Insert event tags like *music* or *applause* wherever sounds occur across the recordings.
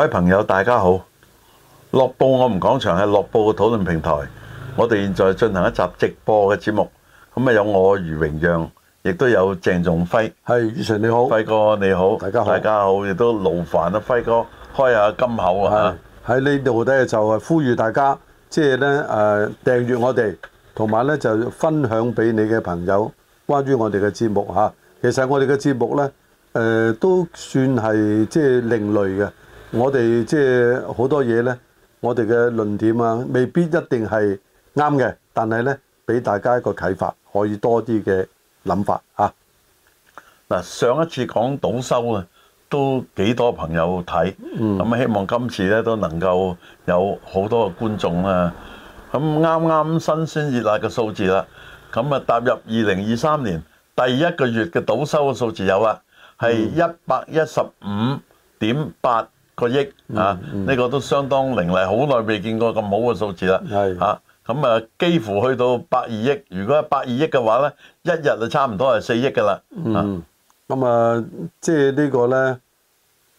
各位朋友，大家好！《樂報我唔講場》係樂報嘅討論平台。我哋現在進行一集直播嘅節目，咁啊有我余榮讓，亦都有鄭仲輝。係余 Sir 你好，輝哥你好，大家好，大家好，亦都勞煩啊輝哥開下金口啊！喺呢度咧就係呼籲大家，即係咧誒訂閱我哋，同埋咧就分享俾你嘅朋友關於我哋嘅節目吓。其實我哋嘅節目咧誒、呃、都算係即係另類嘅。我哋即係好多嘢呢，我哋嘅論點啊，未必一定係啱嘅，但係呢，俾大家一個啟發，可以多啲嘅諗法吓。嗱、啊，上一次講賭收啊，都幾多朋友睇，咁、嗯、希望今次呢都能夠有好多嘅觀眾啦、啊。咁啱啱新鮮熱辣嘅數字啦，咁啊踏入二零二三年第一個月嘅賭收嘅數字有啊，係一百一十五點八。個億啊！呢、嗯、個都相當凌厲，好耐未見過咁好嘅數字啦。係啊是，咁啊，幾乎去到百二億。如果係百二億嘅話咧，一日就差唔多係四億㗎啦。啊、嗯，咁、呃、啊，即係呢個咧，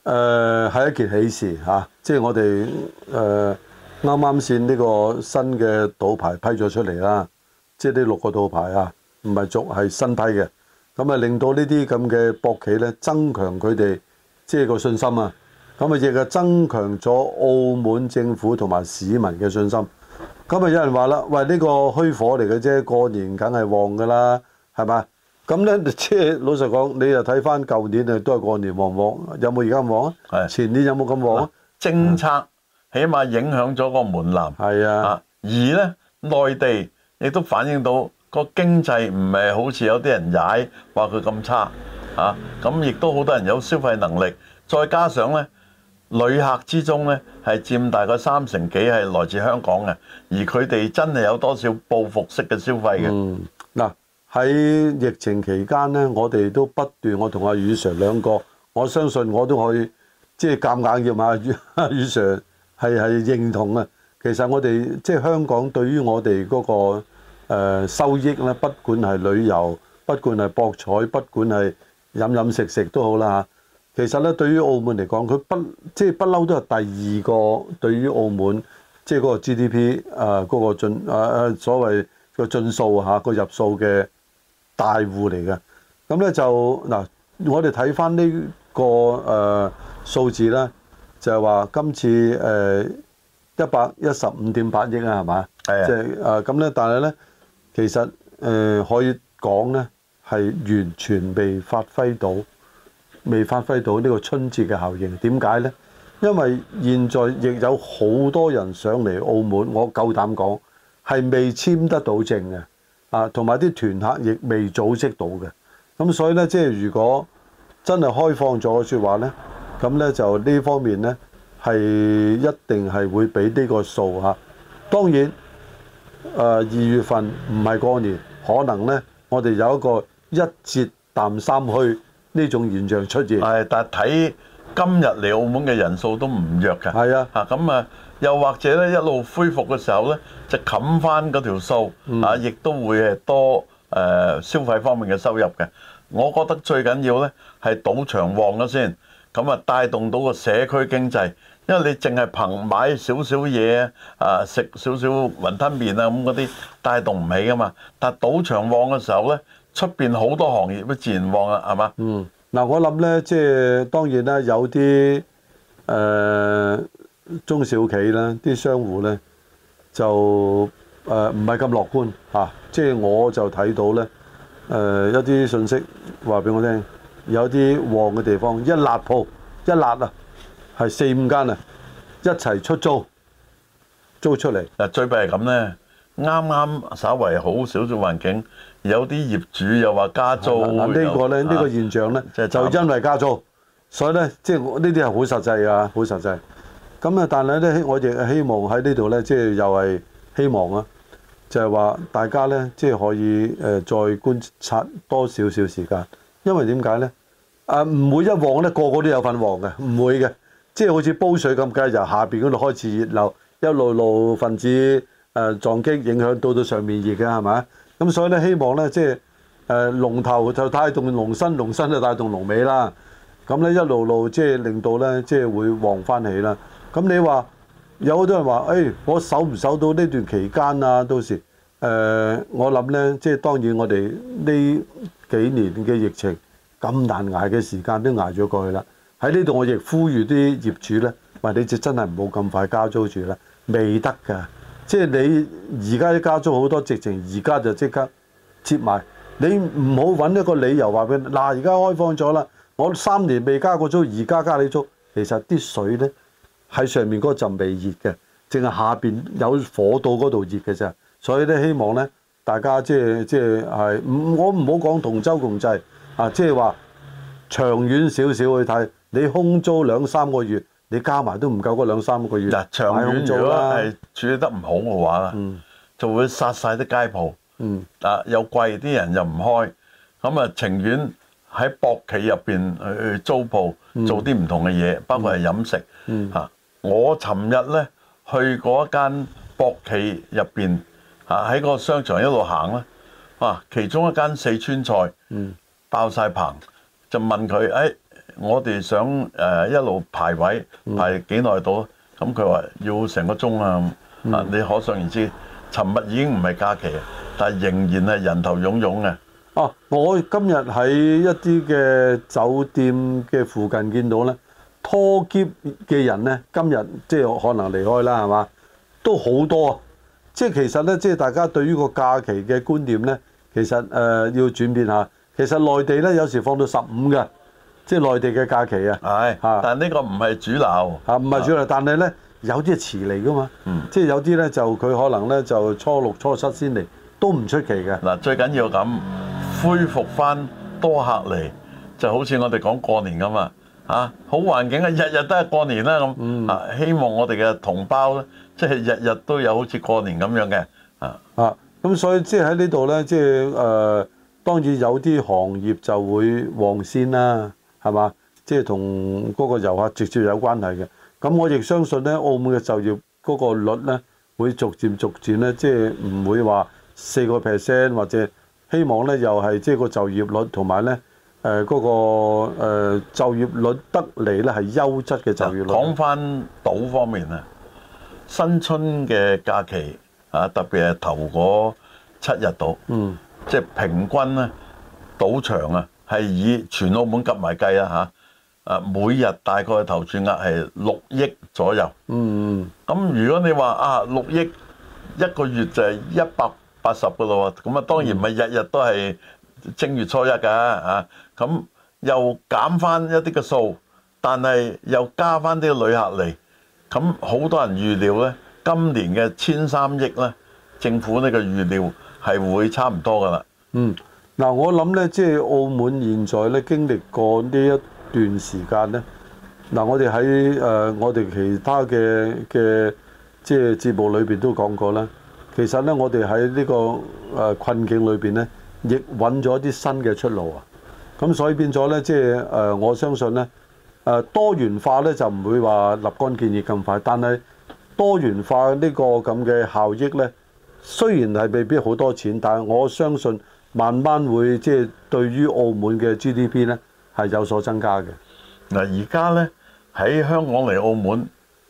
誒係一件喜事嚇。即係我哋誒啱啱先呢個新嘅賭牌批咗出嚟啦。即係呢六個賭牌啊，唔係續係新批嘅。咁啊，令到呢啲咁嘅博企咧，增強佢哋即係個信心啊！咁啊亦係增強咗澳門政府同埋市民嘅信心。咁啊有人話啦，喂呢個虛火嚟嘅啫，過年梗係旺噶啦，係嘛？咁咧，即係老實講，你又睇翻舊年啊，都係過年旺旺，有冇而家咁旺？係前年有冇咁旺啊？政策起碼影響咗個門檻。係啊，而咧內地亦都反映到個經濟唔係好似有啲人踩話佢咁差啊，咁亦都好多人有消費能力，再加上咧。旅客之中呢，係佔大概三成幾係來自香港嘅，而佢哋真係有多少報復式嘅消費嘅？嗯，嗱喺疫情期間呢，我哋都不斷，我同阿余 Sir 兩個，我相信我都可以，即係夾硬要問阿余 Sir 係係認同啊。其實我哋即係香港對於我哋嗰、嗰個、呃、收益呢，不管係旅遊，不管係博彩，不管係飲飲食食都好啦其實咧，對於澳門嚟講，佢不即係不嬲都係第二個對於澳門即係嗰個 GDP、呃那個呃、啊，嗰個進啊所謂個進數嚇個入數嘅大戶嚟嘅。咁咧就嗱，我哋睇返呢個誒、呃、數字咧，就係、是、話今次誒一百一十五點八億啊，係嘛？係的。即係啊咁咧，但係咧，其實誒、呃、可以講咧，係完全被發揮到。未發揮到呢個春節嘅效應，點解呢？因為現在亦有好多人上嚟澳門，我夠膽講係未簽得到證嘅，啊，同埋啲團客亦未組織到嘅。咁所以呢，即係如果真係開放咗嘅説話呢，咁呢就呢方面呢，係一定係會俾呢個數嚇、啊。當然，誒、啊、二月份唔係過年，可能呢，我哋有一個一節淡三虛。呢種現象出現，係但係睇今日嚟澳門嘅人數都唔弱嘅，係啊，嚇咁啊，又或者咧一路恢復嘅時候咧，就冚翻嗰條數啊，亦都會係多誒消費方面嘅收入嘅。我覺得最緊要咧係賭場旺咗先，咁啊帶動到個社區經濟，因為你淨係憑買少少嘢啊食少少雲吞麵啊咁嗰啲帶動唔起噶嘛，但係賭場旺嘅時候咧，出邊好多行業都自然旺啦、啊，係嘛？嗯，嗱，我諗咧，即係當然啦，有啲誒、呃、中小企咧，啲商戶咧就誒唔係咁樂觀吓、啊，即係我就睇到咧誒一啲訊息話俾我聽，有啲旺嘅地方一辣鋪一辣啊，係四五間啊，一齊出租租出嚟。嗱，最弊係咁咧，啱啱稍為好少少環境。有啲業主又話加租，的後個呢個咧，呢、啊、個現象咧，就因為加租，所以咧，即係呢啲係好實際㗎，好實際。咁啊，但係咧，我亦希望喺呢度咧，即、就、係、是、又係希望啊，就係、是、話大家咧，即、就、係、是、可以誒、呃、再觀察多少少時間，因為點解咧？誒、啊、唔會一旺咧，個個都有份旺嘅，唔會嘅，即、就、係、是、好似煲水咁計，由下邊嗰度開始熱流，一路路分子誒、呃、撞擊影響到到上面熱嘅係咪？咁所以咧，希望咧，即係誒龍頭就帶動龍身，龍身就帶動龍尾啦。咁咧一路路即係令到咧，即係會旺翻起啦。咁你話有好多人話，誒、哎、我守唔守到呢段期間啊？到時誒、呃，我諗咧，即係當然我哋呢幾年嘅疫情咁難捱嘅時間都捱咗過去啦。喺呢度我亦呼籲啲業主咧，唔、哎、你就真係唔好咁快交租住啦，未得㗎。即係你而家啲加租好多直情，而家就即刻接埋。你唔好揾一個理由話俾你嗱，而家開放咗啦。我三年未加過租，而家加你租，其實啲水呢喺上面嗰陣未熱嘅，淨係下邊有火到嗰度熱嘅啫。所以呢，希望呢大家即係即係我唔好講同舟共濟啊，即係話長遠少少去睇，你空租兩三個月。你加埋都唔夠嗰兩三個月。長遠如果係處理得唔好嘅話咧，嗯、就會殺晒啲街鋪。啊、嗯，又貴啲人又唔開，咁啊情願喺博企入邊去租鋪，嗯、做啲唔同嘅嘢，嗯、包括係飲食。嗯、啊，我尋日咧去嗰間博企入邊啊，喺個商場一路行啦，啊，其中一間四川菜爆晒棚，就問佢誒。哎我哋想誒、呃、一路排位、嗯、排幾耐到？咁佢話要成個鐘啊！啊、嗯，你可想而知，尋日已經唔係假期，但係仍然係人頭湧湧嘅、啊。我今日喺一啲嘅酒店嘅附近見到呢，拖喼嘅人呢，今日即係可能離開啦，係嘛都好多。即係其實呢，即係大家對於個假期嘅觀點呢，其實誒、呃、要轉變下。其實內地呢，有時放到十五嘅。即係內地嘅假期啊！係、哎、但係呢個唔係主流啊，唔係主流。但係呢，有啲係遲嚟噶嘛，嗯、即係有啲呢，就佢可能呢，就初六、初七先嚟，都唔出奇嘅。嗱、嗯，最緊要咁，恢復翻多客嚟，就好似我哋講過年咁啊！好環境啊，日日都係過年啦咁啊！啊嗯、希望我哋嘅同胞呢，即係日日都有好似過年咁樣嘅啊咁、啊、所以即係喺呢度呢，即係誒、呃呃，當然有啲行業就會旺先啦。係嘛？即係同嗰個遊客直接有關係嘅。咁我亦相信咧，澳門嘅就業嗰個率咧，會逐漸逐漸咧，即係唔會話四個 percent 或者希望咧，又係即係個就業率同埋咧，誒嗰個誒就業率得嚟咧係優質嘅就業率。講翻賭方面啊，新春嘅假期啊，特別係頭嗰七日賭，即係平均咧，賭場啊。係以全澳門夾埋計啦嚇、啊，每日大概投注額係六億左右。嗯，咁如果你話啊，六億一個月就係一百八十嘅咯，咁啊當然唔係日日都係正月初一㗎啊，咁又減翻一啲嘅數，但係又加翻啲旅客嚟，咁好多人預料呢，今年嘅千三億呢，政府呢個預料係會差唔多㗎啦。嗯。嗱，我諗咧，即係澳門現在咧經歷過呢一段時間咧。嗱，我哋喺誒我哋其他嘅嘅即係節目裏邊都講過啦。其實咧，我哋喺呢個誒困境裏邊咧，亦揾咗啲新嘅出路啊。咁所以變咗咧，即係誒、呃，我相信咧誒多元化咧就唔會話立竿見影咁快，但、呃、係多元化呢個咁嘅效益咧，雖然係未必好多錢，但係我相信。慢慢會即係、就是、對於澳門嘅 GDP 咧係有所增加嘅。嗱而家呢，喺香港嚟澳門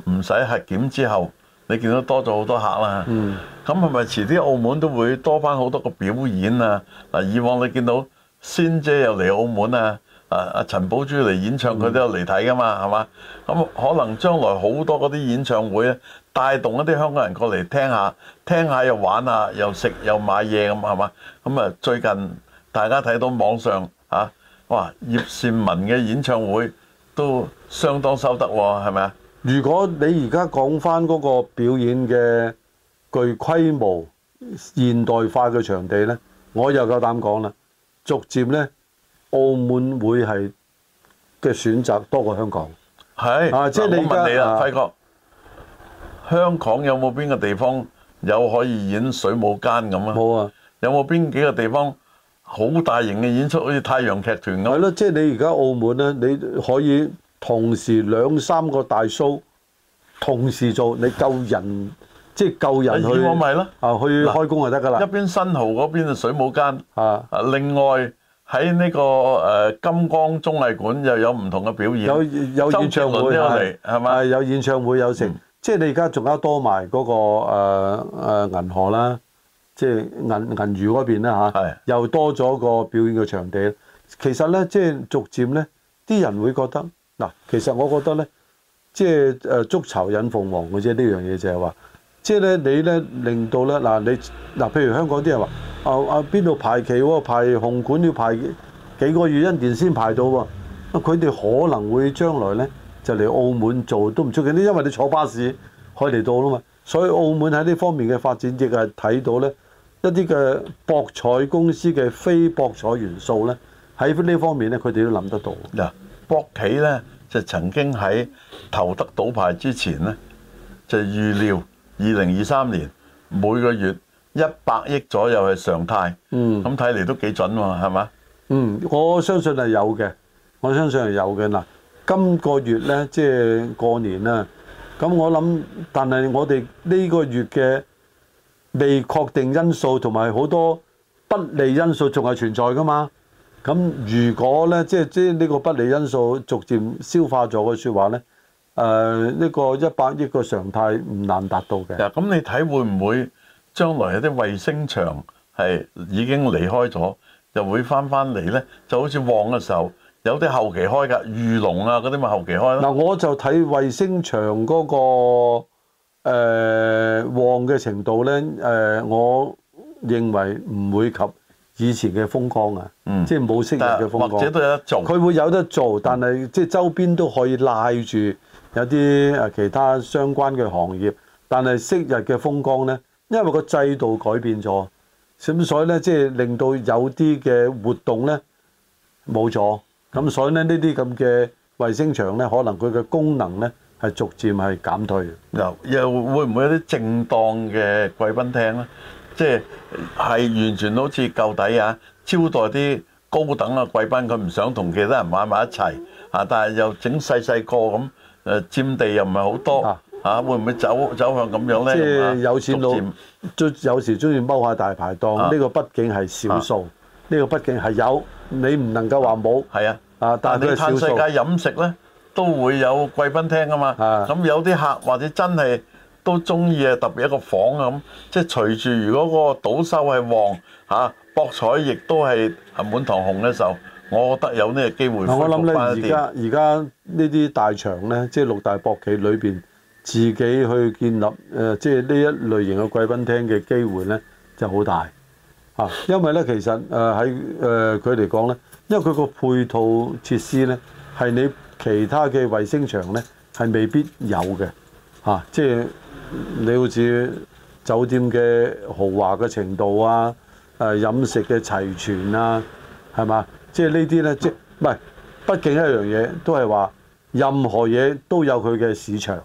唔使核檢之後，你見到多咗好多客啦。咁係咪遲啲澳門都會多翻好多個表演啊？嗱，以往你見到仙、嗯、姐又嚟澳門啊，啊啊陳寶珠嚟演唱，佢都有嚟睇噶嘛，係嘛、嗯？咁可能將來好多嗰啲演唱會咧。帶動一啲香港人過嚟聽下，聽下又玩下，又食又買嘢咁係嘛？咁啊最近大家睇到網上嚇、啊、哇葉倩文嘅演唱會都相當收得喎，係咪啊？如果你而家講翻嗰個表演嘅具規模現代化嘅場地呢，我又夠膽講啦，逐漸呢，澳門會係嘅選擇多過香港。係是啊，即係你而家，我問你啊，輝哥。香港有冇邊個地方有可以演水舞間咁啊？冇啊！有冇邊幾個地方好大型嘅演出，好似太陽劇團咁？係咯，即係你而家澳門咧，你可以同時兩三個大 show 同時做，你夠人即係夠人去。喎咪咯啊，去開工就得噶啦。一邊新濠嗰邊啊，水舞間啊，另外喺呢個誒金光綜藝館又有唔同嘅表演。有有演唱會嚟係嘛？有演唱會有成。即係你而家仲加多埋嗰個誒誒銀河啦，即係銀銀娛嗰邊啦、啊、嚇，的又多咗個表演嘅場地。其實咧，即係逐漸咧，啲人會覺得嗱，其實我覺得咧，即係誒築巢引鳳凰嘅啫，呢樣嘢就係話，即係咧你咧令到咧嗱、啊、你嗱、啊，譬如香港啲人話啊啊邊度排期喎、啊，排紅館要排幾個月一年先排到喎、啊，啊佢哋可能會將來咧。就嚟澳門做都唔出奇，因為你坐巴士可以嚟到啦嘛，所以澳門喺呢方面嘅發展亦係睇到呢一啲嘅博彩公司嘅非博彩元素呢喺呢方面呢佢哋都諗得到。嗱、嗯，博企呢就曾經喺投得賭牌之前呢就預料二零二三年每個月一百億左右嘅常態，咁睇嚟都幾準喎、啊，係咪？嗯，我相信係有嘅，我相信係有嘅嗱。今個月呢，即係過年啦。咁我諗，但係我哋呢個月嘅未確定因素同埋好多不利因素仲係存在噶嘛。咁如果呢，即係即係呢個不利因素逐漸消化咗嘅説話呢，誒、呃、呢、呢個一百億個常態唔難達到嘅。嗱、嗯，咁你睇會唔會將來有啲衞星場係已經離開咗，就會翻返嚟呢？就好似旺嘅時候。有啲後期開㗎，御龍啊嗰啲咪後期開咯。嗱，我就睇衞星場嗰個誒旺嘅程度咧。誒，我認為唔會及以前嘅風光啊，即係冇昔日嘅風光。或者都有得做，佢會有得做，但係即係周邊都可以賴住有啲誒其他相關嘅行業。但係昔日嘅風光咧，因為個制度改變咗，咁所以咧即係令到有啲嘅活動咧冇咗。咁所以咧，呢啲咁嘅衞星場咧，可能佢嘅功能咧係逐漸係減退。又又會唔會有啲正當嘅貴賓廳咧？即係係完全好似舊底啊！招待啲高等嘅貴賓，佢唔想同其他人擺埋一齊啊，但係又整細細個咁誒，佔地又唔係好多吓，會唔會走走向咁樣咧？即係有錢佬，有時鍾意踎下大排檔。呢個畢竟係少數，呢個畢竟係有。你唔能夠話冇，係啊，啊，但係你嘆世界飲食咧，都會有貴賓廳啊嘛。咁、啊、有啲客或者真係都中意啊，特別一個房咁。即係、就是、隨住如果嗰個賭收係旺，嚇、啊、博彩亦都係係滿堂紅嘅時候，我覺得有呢個機會翻一啲。我諗咧，而家而家呢啲大場咧，即、就、係、是、六大博企裏邊自己去建立誒，即係呢一類型嘅貴賓廳嘅機會咧就好大。因為咧，其實誒喺誒佢嚟講咧，因為佢個配套設施咧，係你其他嘅衛星場咧係未必有嘅嚇，即係你好似酒店嘅豪華嘅程度啊，誒飲食嘅齊全啊，係嘛？即係呢啲咧，即係唔係？畢竟一樣嘢都係話，任何嘢都有佢嘅市場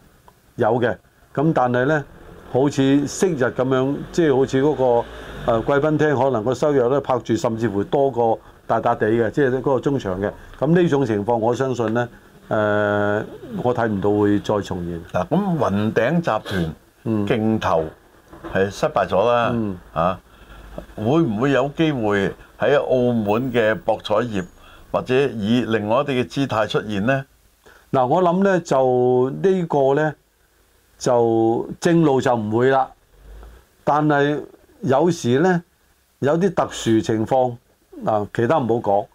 有嘅，咁但係咧，好似昔日咁樣，即係好似嗰個。誒、呃、貴賓廳可能個收入咧拍住，甚至乎多過大笪地嘅，即係嗰個中場嘅。咁呢種情況，我相信呢，誒、呃、我睇唔到會再重現。嗱、啊，咁雲頂集團競投係失敗咗啦，嚇、嗯啊、會唔會有機會喺澳門嘅博彩業或者以另外一啲嘅姿態出現呢？嗱、啊，我諗呢就呢個呢，就正路就唔會啦，但係。有時咧有啲特殊情況嗱，其他唔好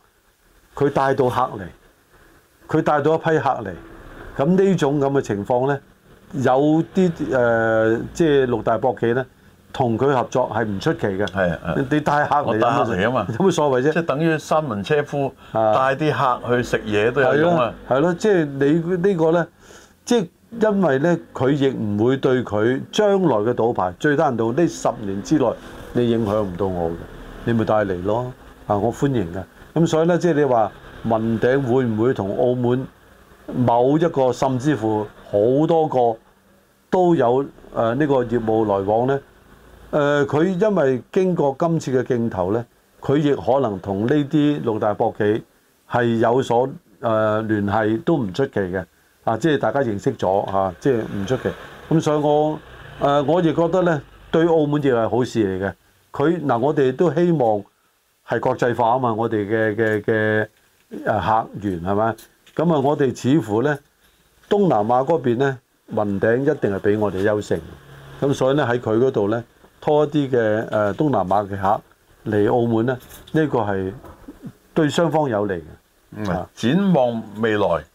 講，佢帶到客嚟，佢帶到一批客嚟，咁呢種咁嘅情況咧，有啲誒、呃，即係六大博企咧，同佢合作係唔出奇嘅。係啊，你帶客嚟，我帶客嚟啊嘛，有乜所謂啫？即係等於三輪車夫帶啲客去食嘢都有用啊嘛。係咯，即係你個呢個咧即。因為咧，佢亦唔會對佢將來嘅賭牌，最低限度呢十年之內，你影響唔到我嘅，你咪帶嚟咯。啊，我歡迎嘅。咁所以咧，即係你話文鼎會唔會同澳門某一個，甚至乎好多個都有誒呢、呃這個業務來往呢？誒、呃，佢因為經過今次嘅競投呢，佢亦可能同呢啲六大博企係有所誒、呃、聯繫，都唔出奇嘅。啊！即係大家認識咗，嚇、啊，即係唔出奇。咁、啊、所以我誒、呃，我亦覺得咧，對澳門亦係好事嚟嘅。佢嗱、啊，我哋都希望係國際化啊嘛，我哋嘅嘅嘅誒客源係咪？咁啊，我哋似乎咧，東南亞嗰邊咧，雲頂一定係比我哋優勝。咁、啊、所以咧，喺佢嗰度咧，拖一啲嘅誒東南亞嘅客嚟澳門咧，呢、呢個係對雙方有利嘅。嗯，展望未來。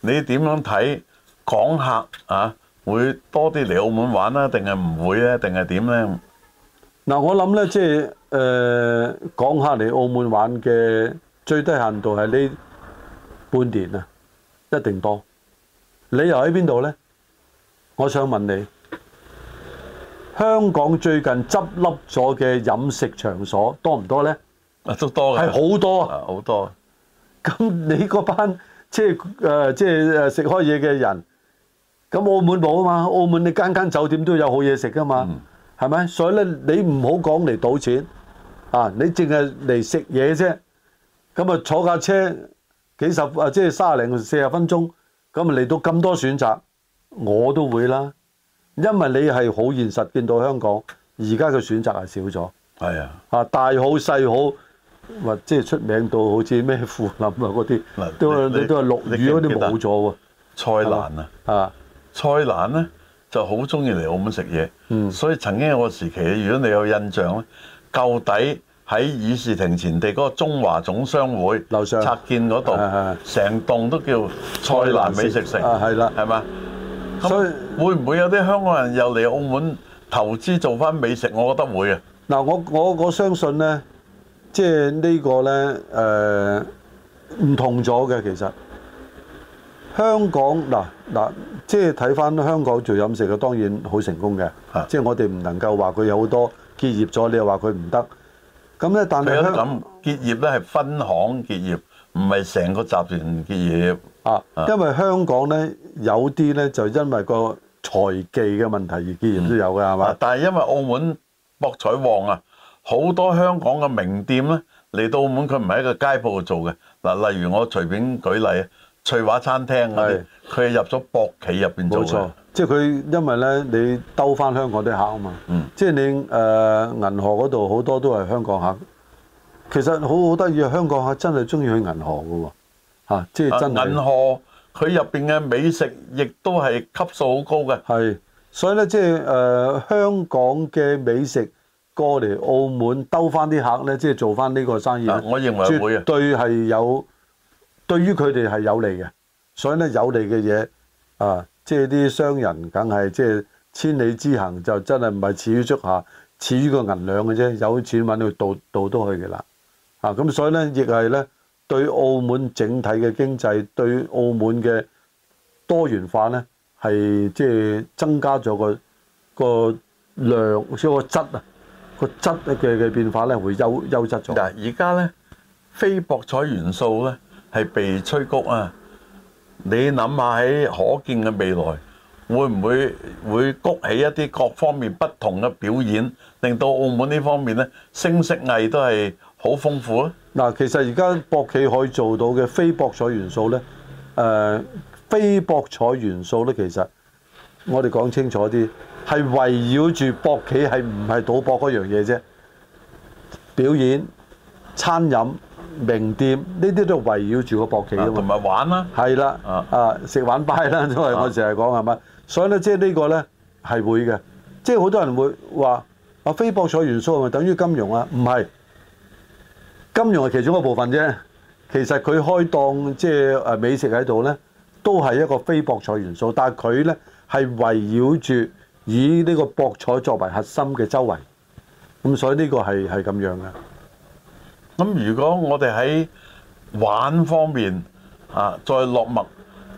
你點樣睇港客啊會多啲嚟澳門玩啊，定係唔會咧，定係點咧？嗱，我諗咧，即係誒，港客嚟澳門玩嘅最低限度係呢半年啊，一定多。理由喺邊度咧？我想問你，香港最近執笠咗嘅飲食場所多唔多咧？啊，都多嘅係好多啊，好多。咁你嗰班？即係誒，即係誒食開嘢嘅人，咁澳門冇啊嘛，澳門你間間酒店都有好嘢食噶嘛，係咪、嗯？所以咧，你唔好講嚟賭錢，啊，你淨係嚟食嘢啫，咁啊坐架車幾十啊，即係三十零四十分鐘，咁啊嚟到咁多選擇，我都會啦，因為你係好現實，見到香港而家嘅選擇係少咗，係是啊，啊，啊大好細好。或即係出名到好似咩富林啊嗰啲，都你都係六零嗰啲冇咗喎。蔡瀾啊，啊蔡瀾咧就好中意嚟澳門食嘢，所以曾經有個時期，如果你有印象咧，舊底喺議事亭前地嗰個中華總商會樓上拆建嗰度，成棟都叫蔡瀾美食城，係啦，係嘛？所以會唔會有啲香港人又嚟澳門投資做翻美食？我覺得會啊。嗱，我我我相信咧。即係呢個呢，誒、呃、唔同咗嘅，其實香港嗱嗱，即係睇翻香港做飲食嘅，當然好成功嘅。即係、啊、我哋唔能夠話佢有好多結業咗，你又話佢唔得咁呢，但係你諗結業呢係分行結業，唔係成個集團結業啊。啊因為香港呢，有啲呢就因為個財技嘅問題而結業都有嘅係咪？嗯、是是但係因為澳門博彩旺啊！好多香港嘅名店咧嚟到澳門，佢唔係一個街鋪度做嘅。嗱，例如我隨便舉例啊，翠華餐廳，佢係入咗博企入邊做嘅。冇錯，即係佢因為咧，你兜翻香港啲客啊嘛。嗯。即係你誒銀河嗰度好多都係香港客，其實好好得意啊！香港客真係中意去銀河嘅喎。嚇，即係真係。銀河佢入邊嘅美食亦都係級數好高嘅。係，所以咧，即係誒香港嘅美食。過嚟澳門兜翻啲客咧，即係做翻呢個生意，啊，我認為妹妹絕對係有對於佢哋係有利嘅。所以咧有利嘅嘢啊，即係啲商人梗係即係千里之行就真係唔係始於足下，始於個銀兩嘅啫。有錢揾到到都去嘅啦。啊咁，所以咧亦係咧對澳門整體嘅經濟，對澳門嘅多元化咧係即係增加咗個量，少個質啊。個質嘅嘅變化咧，會優優質咗。嗱，而家咧，非博彩元素咧，係被催谷啊！你諗下喺可見嘅未來，會唔會會谷起一啲各方面不同嘅表演，令到澳門呢方面咧，聲色藝都係好豐富啊！嗱，其實而家博企可以做到嘅非博彩元素咧，誒，非博彩元素咧，其實我哋講清楚啲。係圍繞住博企係唔係賭博嗰樣嘢啫？表演、餐飲、名店呢啲都圍繞住個博企啊嘛，同埋玩啦、啊，係啦的啊食、啊、玩派啦，因為我成日講係嘛，啊、所以咧即係呢個咧係會嘅，即係好多人會話啊，非博彩元素係咪等於金融啊？唔係，金融係其中一個部分啫。其實佢開檔即係誒美食喺度咧，都係一個非博彩元素，但係佢咧係圍繞住。以呢個博彩作為核心嘅周圍，咁所以呢個係係咁樣嘅。咁如果我哋喺玩方面啊，再落墨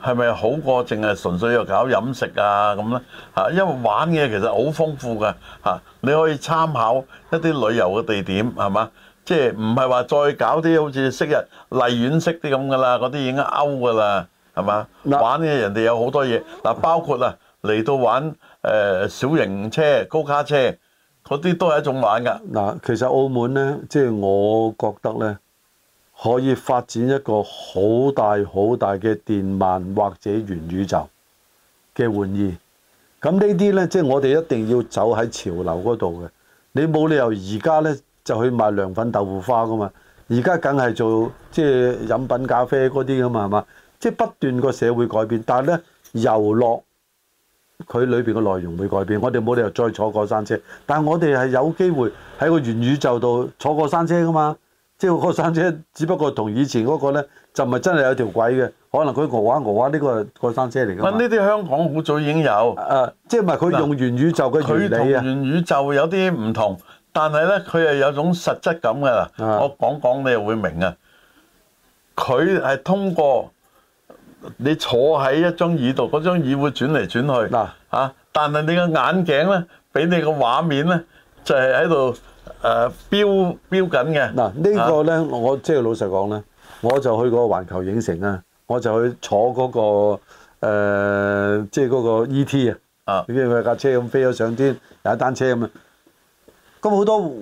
係咪好過淨係純粹又搞飲食啊咁呢，啊，因為玩嘅其實好豐富嘅嚇、啊，你可以參考一啲旅遊嘅地點係嘛？即係唔係話再搞啲好似昔日麗園式啲咁嘅啦，嗰啲已經 out 嘅啦，係嘛？那玩嘅人哋有好多嘢嗱、啊，包括啊。嚟到玩誒小型車、高卡車嗰啲都係一種玩噶。嗱，其實澳門呢，即係我覺得呢，可以發展一個好大好大嘅電慢或者元宇宙嘅玩意。咁呢啲呢，即係我哋一定要走喺潮流嗰度嘅。你冇理由而家呢就去賣涼粉豆腐花噶嘛？而家梗係做即係飲品、咖啡嗰啲噶嘛，係嘛？即係不斷個社會改變，但係呢遊樂。佢裏邊嘅內容會改變，我哋冇理由再坐過山車，但係我哋係有機會喺個元宇宙度坐過山車噶嘛？即係個過山車，只不過同以前嗰個呢就唔係真係有條軌嘅，可能佢鵝話鵝話呢個係過山車嚟嘅。呢啲香港好早已經有，啊、即係唔係佢用元宇宙嘅原理、啊、元宇宙有啲唔同，但係呢，佢係有種實質感㗎啦。啊、我講講你又會明啊。佢係通過。你坐喺一張椅度，嗰張椅會轉嚟轉去嗱那啊，但係你嘅眼鏡咧，俾你嘅畫面咧，就係喺度誒飈飈緊嘅嗱。這個、呢個咧，啊、我即係老實講咧，我就去過環球影城啊，我就去坐嗰、那個、呃、即係嗰個 E.T. 啊，好佢、啊、架車咁飛咗上天，踩單車咁啊。咁好多誒誒、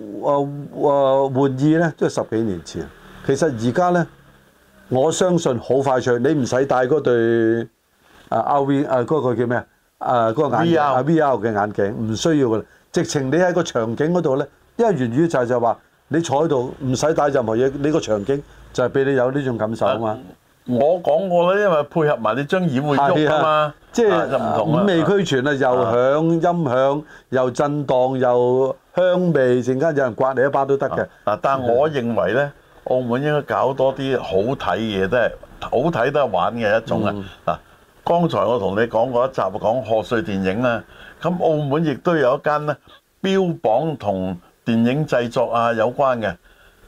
呃呃、玩意咧，都係十幾年前。其實而家咧。我相信好快脆，你唔使戴嗰對啊 R V 啊嗰個叫咩啊？誒嗰個眼鏡 V R 嘅眼鏡，唔需要嘅。直情你喺個場景嗰度咧，因為原語就係就話你坐喺度，唔使戴任何嘢，你個場景就係俾你有呢種感受啊嘛。我講過啦，因為配合埋你張椅會喐啊嘛，即係就唔同啊。五味俱全啊，又響音響，又震盪，又香味，陣間有人刮你一巴都得嘅。嗱，但我認為咧。澳門應該搞多啲好睇嘢，都係好睇得玩嘅一種、嗯、啊！嗱，剛才我同你講過一集講賀歲電影啦、啊，咁、啊、澳門亦都有一間咧、啊、標榜同電影製作啊有關嘅呢、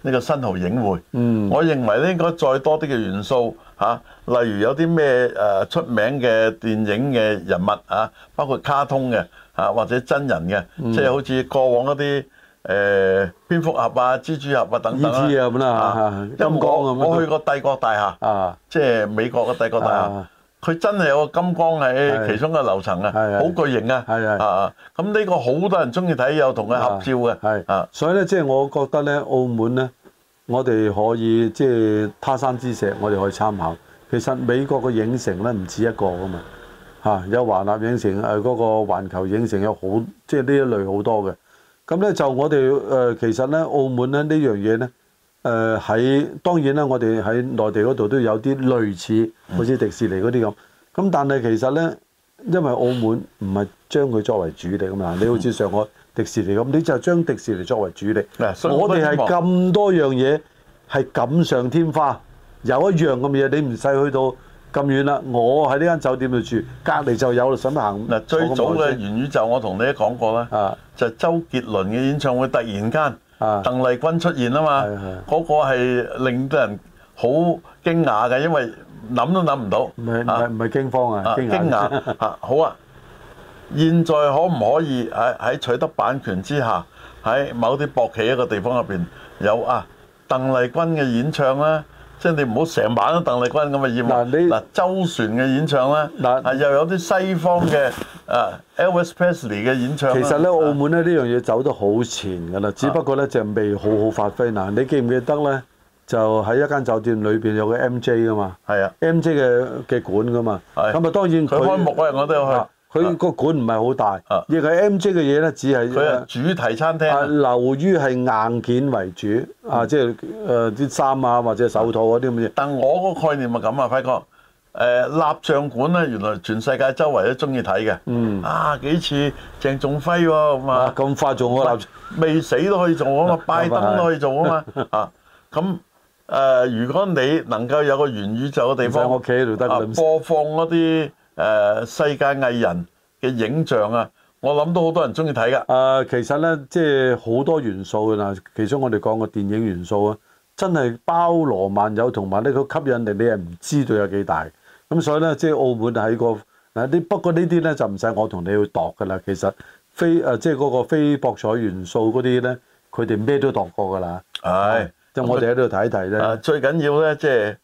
呢個新濠影匯。嗯，我認為咧應該再多啲嘅元素嚇、啊，例如有啲咩誒出名嘅電影嘅人物啊，包括卡通嘅啊，或者真人嘅，嗯、即係好似過往一啲。誒、呃，蝙蝠俠啊、蜘蛛俠啊等等啊，啊金剛咁啦吓。我去過帝國大廈，啊，即係美國嘅帝國大廈，佢、啊、真係有個金剛喺其中嘅樓層啊，好巨型啊，啊，咁呢個好多人中意睇，有同佢合照嘅，係啊。所以咧，即、就、係、是、我覺得咧，澳門咧，我哋可以即係、就是、他山之石，我哋可以參考。其實美國嘅影城咧唔止一個噶嘛，吓有華納影城，誒，嗰個環球影城有好，即係呢一類好多嘅。咁咧就我哋誒，呃、其實咧澳門咧，呢樣嘢咧，誒，喺當然咧，我哋喺內地嗰度都有啲類似好似迪士尼嗰啲咁，咁、嗯、但係其實咧，因為澳門唔係將佢作為主力啊嘛，嗯、你好似上海迪士尼咁，你就將迪士尼作為主力，嗯、我哋係咁多樣嘢係錦上添花，有一樣咁嘅嘢你唔使去到。咁遠啦！我喺呢間酒店度住，隔離就有，想行。嗱，最早嘅元宇宙，我同你都講過啦。啊，就周杰倫嘅演唱會，突然間，啊，鄧麗君出現啦嘛。係係、啊。嗰、啊、個係令到人好驚訝嘅，因為諗都諗唔到。唔係唔係驚慌啊！驚訝。嚇、啊、 *laughs* 好啊！現在可唔可以喺取得版權之下，喺某啲博企一個地方入邊有啊鄧麗君嘅演唱咧？即係你唔好成晚都鄧麗君咁嘅業務。嗱你，周旋嘅演唱咧，係那又有啲西方嘅 *laughs* 啊，Elvis Presley 嘅演唱呢。其實咧，澳門咧呢、啊、樣嘢走得好前㗎啦，只不過咧就未好好發揮。嗱、啊，你記唔記得咧？就喺一間酒店裏邊有個 M J 㗎嘛，係啊，M J 嘅嘅館㗎嘛，咁啊當然佢開幕嗰日我都有去。佢個館唔係好大，亦係 M J 嘅嘢咧，只係佢係主題餐廳。留於係硬件為主，啊，即係誒啲衫啊或者手套嗰啲咁嘅嘢。但我個概念咪咁啊，輝哥誒蠟像館咧，原來全世界周圍都中意睇嘅。嗯。啊，幾似鄭仲輝喎咁啊。咁快做我蠟未死都可以做啊嘛，拜登都可以做啊嘛。啊，咁誒，如果你能夠有個元宇宙嘅地方，我企喺度得。啊，播放啲。誒世界藝人嘅影像啊，我諗到好多人中意睇噶。誒、啊，其實咧，即係好多元素㗎啦，其中我哋講個電影元素啊，真係包羅萬有，同埋呢個吸引力你係唔知道有幾大。咁所以咧，即係澳門喺、嗰個嗱啲，不過呢啲咧就唔使我同你去度㗎啦。其實非誒、啊，即係嗰個非博彩元素嗰啲咧，佢哋咩都度過㗎啦。係、哎，就、嗯、我哋喺度睇睇咧。最緊要咧，即係。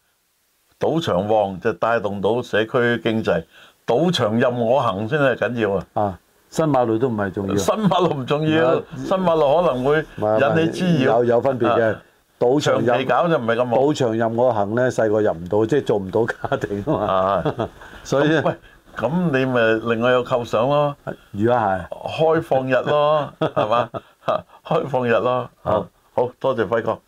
賭場旺就帶動到社區經濟，賭場任我行先係緊要啊！啊，新馬路都唔係重要，新馬路唔重要，新馬路可能會引起滋擾，有有分別嘅。賭場未搞就唔係咁旺，賭場任我行咧，細個入唔到，即係做唔到家庭啊，所以喂，咁你咪另外有構想咯，如果係開放日咯，係嘛，開放日咯，啊，好多謝輝哥。